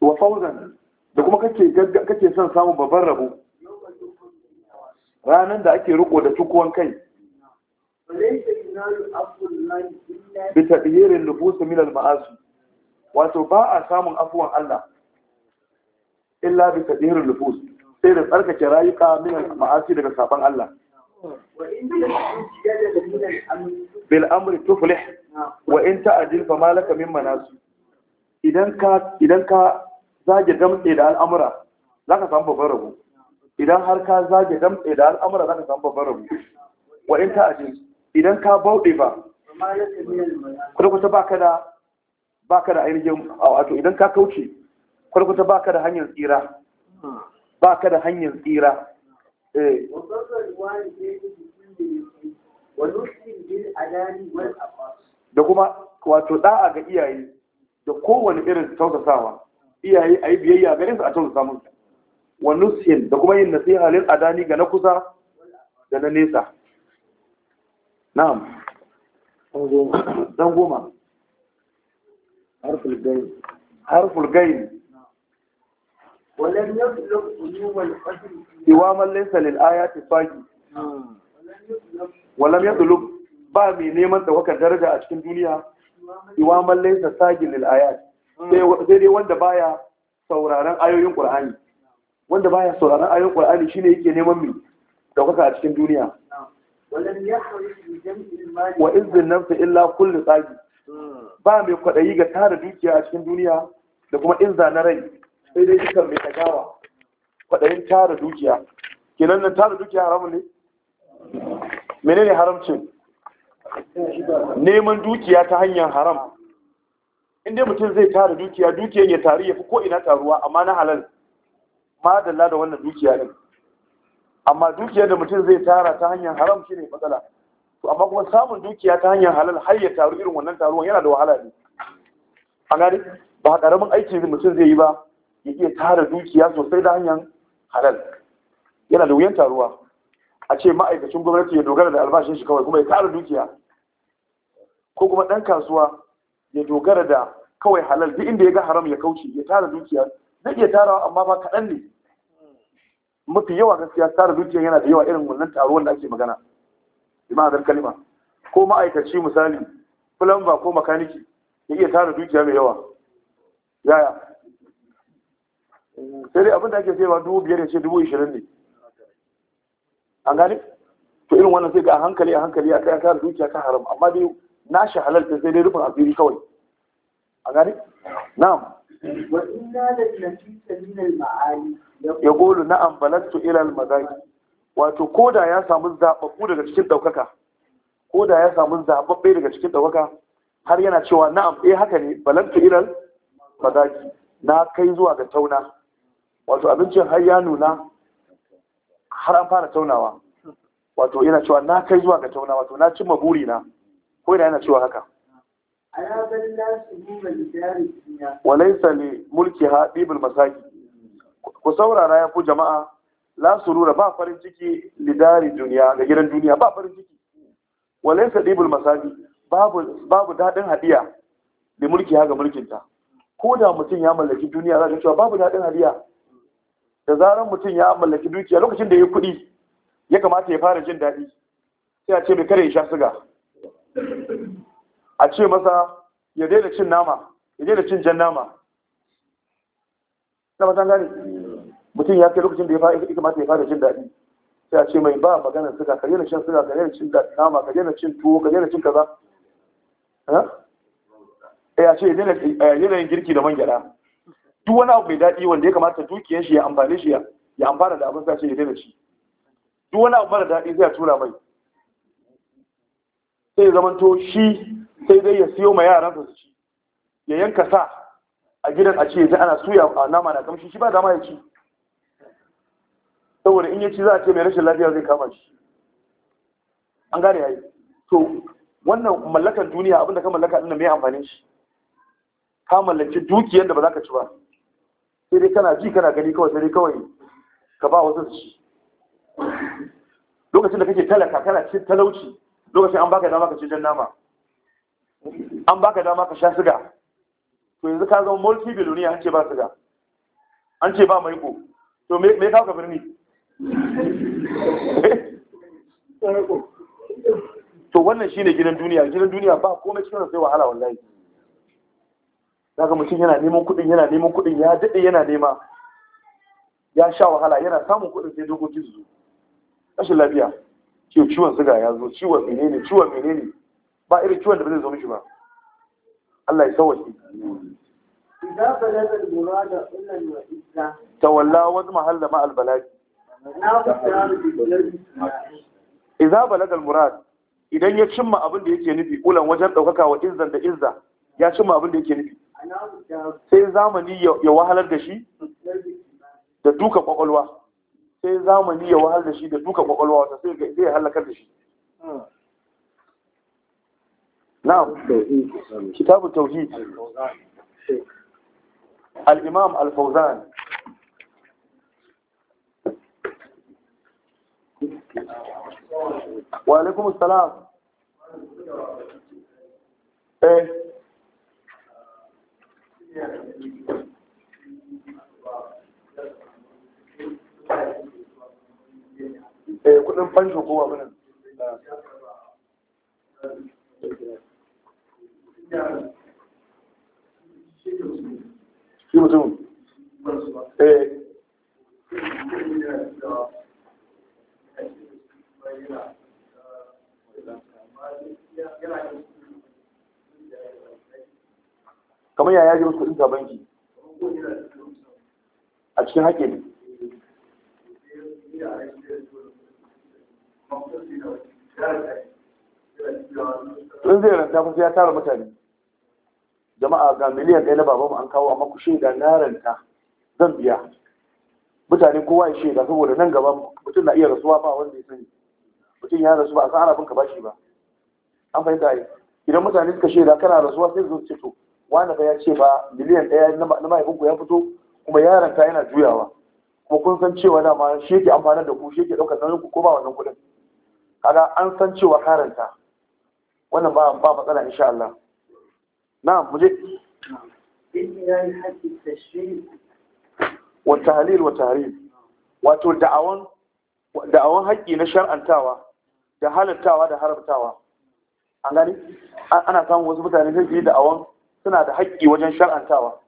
wa fauzan da kuma kake son samun babban rabo Ranar da ake riko da tukuwan kai bi tabiyirin lubusu min al wato ba a samun afuwan Allah illa bi tabiyirin lubusu sai da tsarkake rayuka min al-ma'asi daga saban Allah bil amri tuflih wa in ta'dil fa malaka min manasu idan ka idan ka zage damtse da al'amura zaka samu babban rabu idan har ka zage damtse da al'amura zaka samu babban rabu wa in ta'dil idan ka bauɗe ba kwata-kwata baka da baka da ainihin wato idan ka kauce kwata-kwata baka da hanyar tsira baka da hanyar tsira Eh. da kuma wato da'a ga iyaye da kowane irin tausasawa iyaye a yi biyayya gare su a tausasa musu wa nusiyin da kuma yin nasiha lil adani ga na kusa da na nesa na'am dan goma harful gain harful gain ولم يطلب علو القدر سوى من ليس للآيات باقي ولم يطلب ba mai neman ɗaukar daraja a cikin duniya iwa mallai sa sagin lil'ayat sai dai wanda baya sauraron ayoyin qur'ani wanda baya sauraron ayoyin qur'ani shine yake neman mai ɗaukaka a cikin duniya wa izin nafsa illa kulli tsagi ba mai kwaɗayi ga tara dukiya a cikin duniya da kuma inza na rai sai dai dukan mai tagawa kwaɗayin tara dukiya kenan nan tara dukiya haramun ne menene haramcin neman dukiya ta hanyar haram inda mutum zai tara dukiya dukiyan ya taru ya fi ko ina taruwa amma na halal ma dalla da wannan dukiya ne. amma dukiya da mutum zai tara ta hanyar haram ne matsala to amma kuma samun dukiya ta hanyar halal har ya taru irin wannan taruwan yana da wahala ne a gari ba karamin aiki mutum zai yi ba ya iya tara dukiya sosai da hanyar halal yana da wuyan taruwa a ce ma'aikacin gwamnati ya dogara da albashin shi kawai kuma ya tara dukiya ko kuma ɗan kasuwa ya dogara da kawai halal duk inda ya ga haram ya kauce ya tara dukiya zai iya tara amma ba kaɗan ne mafi yawa gaskiya tara dukiya yana da yawa irin wannan taruwan da ake magana dan kalima ko ma'aikaci misali fulamba ko makaniki ya iya tara dukiya mai yawa yaya sai dai abinda ake sayawa dubu biyar ya ce dubu ishirin ne an gane to irin wannan sai ga hankali a hankali a kai kara dukiya kan haram amma dai na shi halal sai dai rufin asiri kawai an gane na'am wa ya golu na'am balagtu ila al-mazaki wato koda ya samu zababbu daga cikin daukaka koda ya samu zababbe daga cikin daukaka har yana cewa na'am eh haka ne balantu ila al na kai zuwa ga tauna wato abincin har ya nuna har an fara taunawa wato yana cewa na kai zuwa ga tauna wato na cimma burina ko yana cewa haka walaisa ne mulki ha ɗibul masaki ku saurara ya ku jama'a la surura ba farin ciki lidari duniya ga gidan duniya ba farin ciki walaisa ɗibin masaki babu daɗin hadiya da mulki ha ga mulkinta ko da mutum ya mallaki duniya za ka cewa babu daɗin hadiya da zarar mutum ya mallaki dukiya lokacin da ya kuɗi ya kamata ya fara jin daɗi sai a ce mai kare ya sha siga a ce masa ya daina cin nama ya daina cin jan nama na matan gani mutum ya kai lokacin da ya kamata ya fara jin daɗi sai a ce mai ba maganar siga ka daina shan siga ka daina cin nama ka daina cin tuwo ka daina cin kaza eh a ce ya daina girki da man gyaɗa duk wani abu mai daɗi wanda ya kamata dukiyar shi ya amfani shi ya amfana da abin sace ya daina shi duk wani abu mara daɗi zai tura mai sai ya zamanto shi sai dai ya siyo ma yaran su ci ya yanka sa a gidan a ce ya ana suya a nama na kamshi shi ba dama ya ci saboda in ya ci za a ce mai rashin lafiya zai kama shi an gane yayi to wannan mallakan duniya abinda ka mallaka din mai amfanin shi ka mallaki dukiyar da ba za ka ci ba sai dai kana ji kana gani kawai sai dai kawai ka ba wasu su ci lokacin da kake talaka kana cikin talauci lokacin an baka dama ka ci jan nama an baka dama ka sha siga to yanzu ka zama multi billionaire an ce ba siga an ce ba maiko to me me kawo ka birni <laughs> to wannan shine gidan duniya gidan duniya ba komai cikin sai wahala wallahi daga mutum yana neman kuɗin yana neman kuɗin ya daɗe yana nema ya sha wahala yana samun kuɗin sai dokoki su zo rashin lafiya ciwo ciwon suga ya zo ciwon menene ciwon menene ba irin ciwon da ba zai zo mishi ba Allah ya sauwaƙe إذا بلغ المراد إلا وإذا تولى وزم هل مع البلاغ إذا بلغ المراد idan ya cimma abin da yake nufi ulan wajen ɗaukaka wa izzan da izza ya cimma abin da yake nufi sai zamani ya wahalar da shi da duka kwakwalwa sai zamani ya wahalar da shi da duka kwakwalwa wata sai ya halakar da shi na'am kitabu tauhid al-imam al-fawzan wa alaikum assalam eh Eh, kudin fansho kowa mana shi mutum eh yana kamar yaya ji musu kuɗin banki a cikin haƙƙi ne tun zai ranta fa sai ya tara mutane jama'a ga miliyan ɗaya na babanmu an kawo amma ku shaida na ranta zan biya mutane kowa ya shaida saboda nan gaba mutum na iya rasuwa ba wanda ya sani mutum ya rasu ba a san ana bin ka bashi ba an fahimta ai idan mutane suka shaida kana rasuwa sai su ce to wani ka ya ce ba miliyan ɗaya na mahaifinku ya fito kuma yaron ka yana juyawa kuma kun san cewa dama shi yake amfanar da ku shi yake ɗaukar nauyin ko ba wannan kuɗin kaga an san cewa karanta wannan ba ba matsala insha Allah na'am mu je wa tahlil wa tahrib wato da'awan da'awan haƙƙi na shar'antawa da halattawa da haramtawa an gani ana samun wasu mutane sai su yi da'awan suna da haƙƙi wajen shar'antawa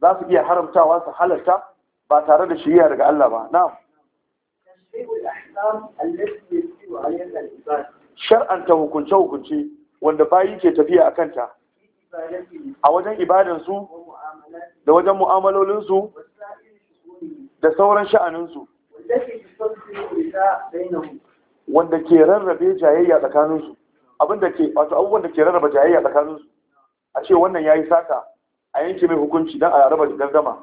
za su iya haramtawa su halarta ba tare da shirya daga Allah ba na shar'anta hukunce hukunce wanda bayi ke tafiya a kanta a wajen ibadansu da wajen mu'amalolinsu da sauran sha'aninsu wanda ke rarrabe jayayya tsakaninsu abinda ke wato abubuwan da ke rarraba jayayya tsakaninsu a ce wannan ya yi saka, a yanke mai hukunci don a raba gangama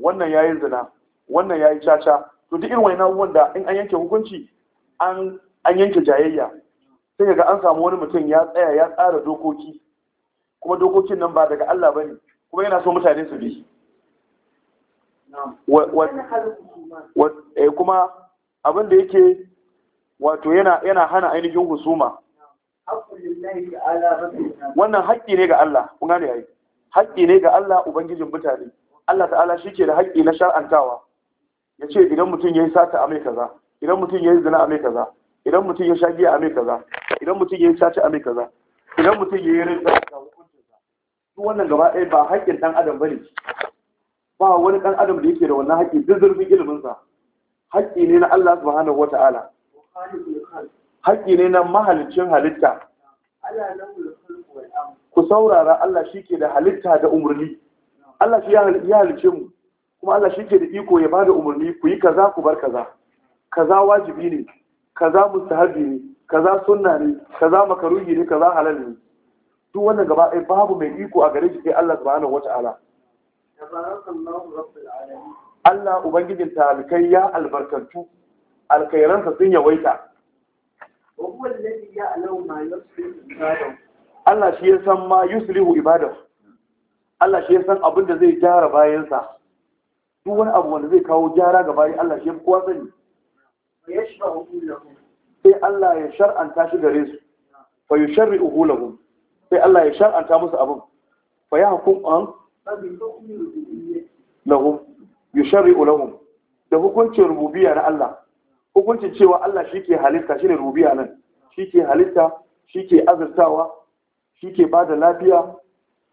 wannan ya yi zina wannan ya yi caca to duk irin wani wanda in an yanke hukunci an yanke jayayya sai ga an samu wani mutum ya tsaya ya tsara dokoki kuma dokokin nan ba daga Allah ba ne kuma yana so mutane su bi eh, kuma abin da yake wato yana hana ainihin husuma wannan haƙƙi ne ga Allah kun gane yayi haƙƙi ne ga Allah ubangijin mutane Allah ta'ala shi ke da haƙƙi na shar'antawa ya ce idan mutum ya yi sata a mai kaza idan mutum ya yi zina a mai kaza idan mutum ya shagiya giya a mai kaza idan mutum ya yi sace a mai kaza idan mutum ya yi rinda ga hukuncinsa duk wannan gaba ɗaya ba haƙƙin ɗan adam bane ba wani ɗan adam da yake da wannan haƙƙi duk zurfin sa haƙƙi ne na Allah subhanahu wata'ala haƙƙi ne na mahalicin halitta ku saurara Allah shi ke da halitta da umarni Allah shi ya halice mu kuma Allah shi ke da iko ya bada umarni ku yi kaza ku bar kaza kaza wajibi ne kaza mustahabi ne kaza sunna ne kaza makaruhi ne kaza halal ne duk wannan gaba ɗaya babu mai iko a gare shi sai Allah subhanahu wata'ala Allah ubangijin talikai ya albarkantu alkairansa sun yawaita Allah shi ya san ma yuslihu ibadahu Allah shi ya san abin da zai gyara bayansa duk wani abu wanda zai kawo gyara ga bayan Allah shi ya kowa sani sai Allah ya shar'anta shi gare su fa yusharri'uhu lahum sai Allah ya shar'anta musu abin fa yahkum an lahum yusharri'u lahum da hukuncin rububiya na Allah hukuncin cewa Allah shi ke halitta shi ne rubiya nan shi ke halitta shi ke azurtawa shi ke ba da lafiya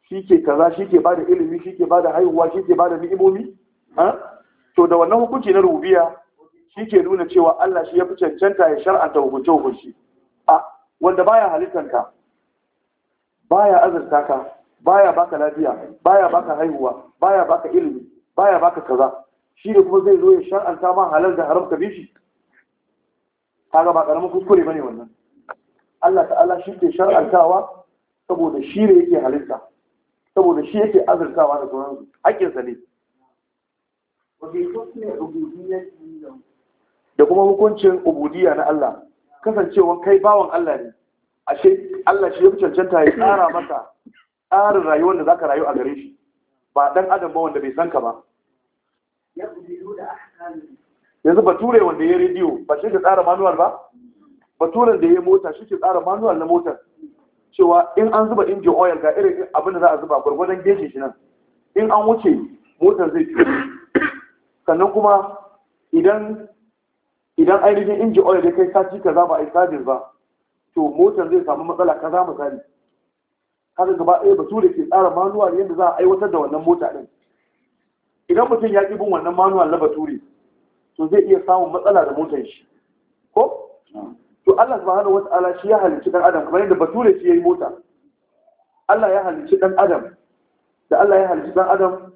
shi ke kaza shi ke ba da ilimi shi ke ba da haihuwa shi ke ba da ni'imomi to da wannan hukunci na rubiya shi ke nuna cewa Allah shi ya fi cancanta ya shar'anta hukunce hukunci a wanda baya halittanka baya azurta ka baya baka lafiya baya baka haihuwa baya baka ilimi baya baka kaza shi da kuma zai zo ya shar'anta ma halal da haram ka bi shi kaga ba karamin kuskure bane wannan Allah ta'ala shi ke shar'antawa saboda shi ne yake halitta saboda shi yake azurtawa da sauransu haƙƙinsa ne da kuma hukuncin ubudiyya na Allah kasancewa kai bawan Allah ne ashe Allah shi ya fi cancanta ya tsara maka tsarin rayuwar da zaka rayu a gare shi ba dan adam ba wanda bai san ka ba yanzu bature wanda ya rediyo ba shi ke tsara manuwal ba baturen da ya mota shi ke tsara manuwal na motar cewa in an zuba injin oil ga irin abin da za a zuba gwargwadon gefe shi nan in an wuce motar zai fi sannan kuma idan idan ainihin injin oil ya kai sati ka za ba a yi sabis ba to motar zai samu matsala ka za misali haka gaba ɗaya bature ke tsara manuwal yadda za a aiwatar da wannan mota ɗin idan mutum ya ƙi bin wannan manuwal na bature to zai iya samun matsala da motar shi ko to Allah subhanahu wata'ala shi ya halicci dan adam kamar yadda bature shi yayi mota Allah ya halicci dan adam da Allah ya halicci dan adam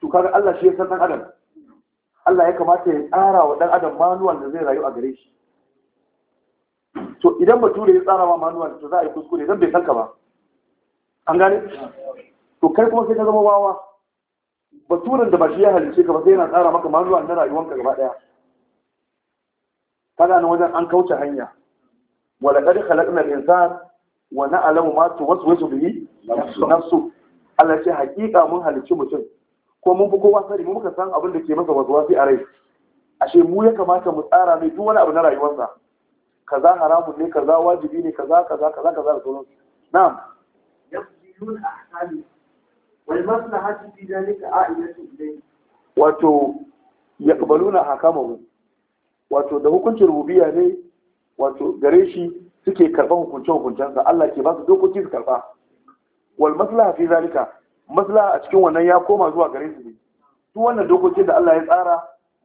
to kaga Allah shi ya san dan adam Allah ya kamata ya tsara wa dan adam manual da zai rayu a gare shi to idan bature ya tsara wa manual to za a yi kuskure dan bai san ka ba an gane to kai kuma sai ka zama wawa baturan da ba shi ya halice ka ba sai yana tsara maka mazuwa na rayuwanka gaba daya kaga nan wajen an kauce hanya wa laqad khalaqna al-insan wa na'lamu ma tuwaswisu bihi nafsu Allah ce hakika mun halice mutum ko mun fi kowa sani Mun muka san abin da ke masa waswasi a rai ashe mu ya kamata mu tsara mai duk wani abu na rayuwarsa kaza haramun ne kaza wajibi ne kaza kaza kaza kaza da sauransu na'am yafsilun ahkami wal maslahatu fi zalika a'idatu ilayhi wato yaqbaluna hakamahu wato da hukuncin rububiyya ne wato gare shi suke karban hukunce hukuncensa Allah ke ba su dokoki su karba wal maslaha fi zalika maslaha a cikin wannan ya koma zuwa gare su ne duk wannan dokokin da Allah ya tsara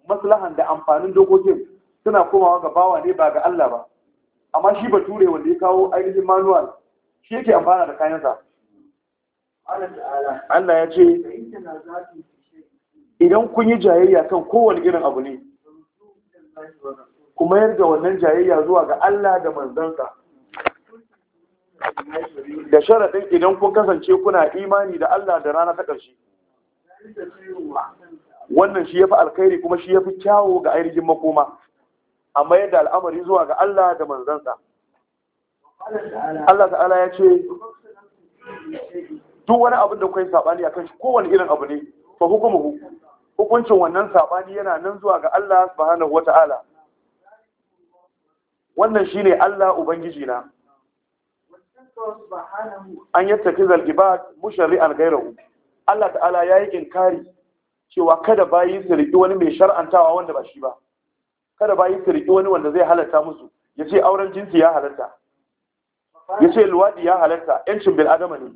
maslahan da amfanin dokokin suna komawa ga bawa ne ba ga Allah ba amma shi bature wanda ya kawo ainihin manual shi yake amfana da kayansa Allah ya ce idan kun yi jayayya kan kowane irin abu ne kuma yarda wannan jayayya zuwa ga Allah da manzansa da sharaɗin idan kun kasance kuna imani da Allah da rana ta ƙarshe wannan shi ya fi alkhairi kuma shi ya fi kyawo ga ainihin makoma amma yadda al'amari zuwa ga Allah da manzansa Allah ta'ala ya ce duk wani abin da kai sabani kan shi kowane irin abu ne fa hukumuhu hukuncin wannan sabani yana nan zuwa ga Allah subhanahu wataala wannan shine Allah ubangiji na an kizal ibad mushari'an ghayrahu Allah ta'ala yayi inkari cewa kada bayi su riki wani mai shar'antawa wanda ba shi ba kada bayi su riki wani wanda zai halatta musu yace auren jinsi ya halatta yace luwadi ya halatta yancin bil adama ne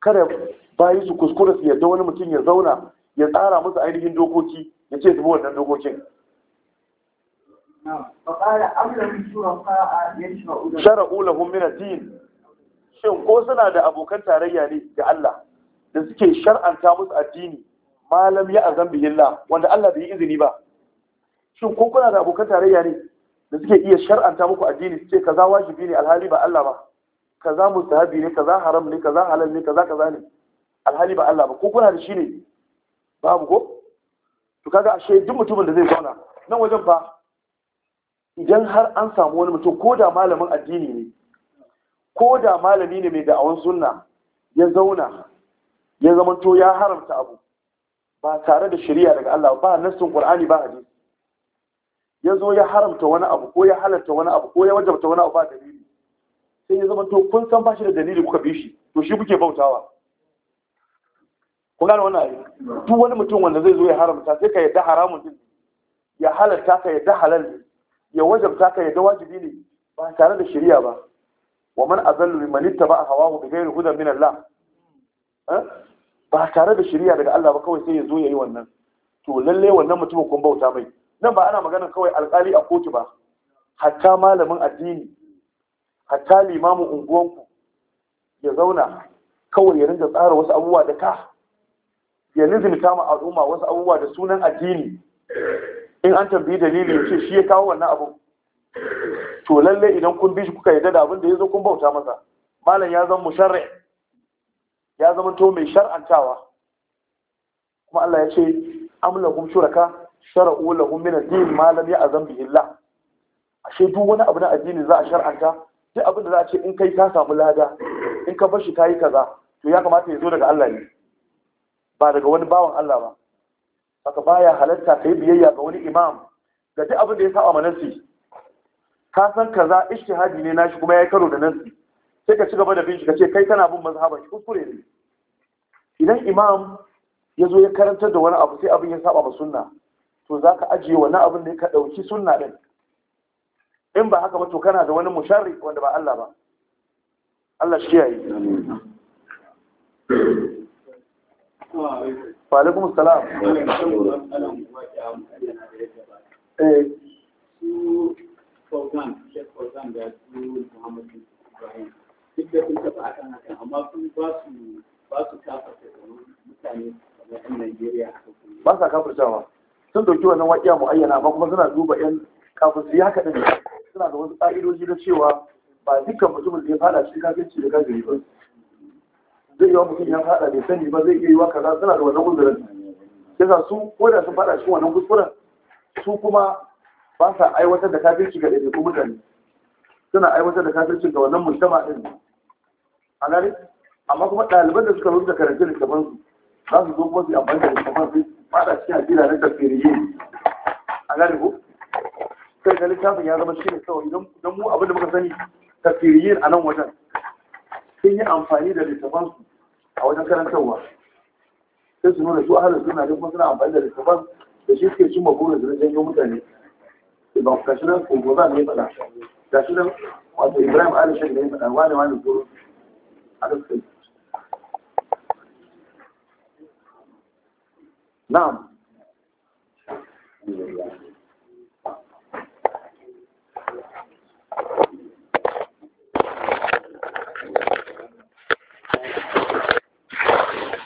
kada bayi su kuskura su yadda wani mutum ya zauna ya tsara musu ainihin dokoki ya ce su bi wannan dokokin shara'u lahum min ad-din shin ko suna da abokan tarayya ne ga Allah da suke shar'anta musu addini malam ya azan bihillah wanda Allah bai yi izini ba shin ko kuna da abokan tarayya ne da suke iya shar'anta muku addini su ce kaza wajibi ne alhali ba Allah ba kaza mustahabi ne kaza haram ne kaza halal ne kaza kaza ne alhali ba Allah ba ko kuna da shi ne babu ko to kaga ashe duk mutumin da zai zauna nan wajen fa idan har an samu wani mutum ko da malamin addini ne ko da malami ne mai da'awan sunna ya zauna ya zamanto ya haramta abu ba tare da shari'a daga Allah ba nassin Qur'ani ba hadisi ya zo ya haramta wani abu ko ya halarta wani abu ko ya wajabta wani abu ba dalili sai ya zama to kun san bashi da dalili kuka bi shi to shi kuke bautawa Kuna da wannan ayi duk wani mutum wanda zai zo ya haramta sai ka yadda haramun din ya halarta ka yadda halal ne ya wajabta ka yadda wajibi ne ba tare da shari'a ba wa man azallu liman ittaba hawahu bi ghairi hudan min Allah eh? ba tare da shari'a daga Allah ba kawai sai ya zo yi wannan to lalle wannan mutumin kun bauta mai nan ba ana magana kawai alƙali a kotu ba hatta malamin addini hatta limamin unguwanku ya zauna kawai ya rinka tsara wasu abubuwa da ka ya nizimta ma al'umma wasu abubuwa da sunan addini in an tambayi dalili ce shi ya kawo wannan abu to lalle idan kun bi shi kuka yarda da abin da ya zo kun bauta masa malam ya zama musharre. ya zama to mai shar'antawa kuma Allah ya ce am shuraka shara'u lahum min ad-din ma lam ya'zam bihi Allah ashe duk wani abu na addini za a shar'anta sai abin da za a ce in kai ka samu lada in ka bar shi yi kaza to ya kamata ya zo daga Allah ne ba daga wani bawan Allah ba haka baya ka kai biyayya ga wani imam ga duk abin da ya saba manasi ka san kaza ishtihadi ne nashi kuma yayi karo da nasi sai ka ci gaba da bin shi ka ce kai kana bin mazhaban shi kuskure ne idan imam ya zo ya karantar da wani abu sai abin ya saba ma sunna to zaka ajiye wani abin da ka dauki sunna din in ba haka ba to kana da wani musharri wanda ba Allah ba Allah shi yayi wa alaikum salam eh ba sa kafirtawa sun dauki wannan wakiya mu ayyana ba kuma suna duba 'yan kafin su yi haka ɗin suna da wasu ƙa'idoji na cewa ba dukkan mutumin da ya fada cikin kafirci da kafiri ba zai yi wa mutum ya fada bai sani ba zai iya yi wa kaza suna da wannan uzurin yasa su ko da sun fada shi wannan kuskuren su kuma ba sa aiwatar da kafirci ga ɗaiɗaiku mutane suna aiwatar da kafirci ga wannan mujtama ɗin a amma kuma ɗaliban da suka rubuta karatu kaman su za su zo kuma su yi amfani da kaman su fada a jira na tafsiriyyi a gane ko sai ga littafin ya zama shi ne kawai don mu abin da muka sani tafiriyin a nan wajen sun yi amfani da littafansu a wajen karantarwa sai su nuna su ahalin suna da kuma suna amfani da littafan da shi suke cimma burin su janyo mutane ba ka shi nan kogo za yi faɗa ga shi nan wato ibrahim ali shan da ya faɗa wani wani zuru a da suka na'am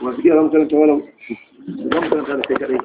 masu iya za mu karanta wala da kai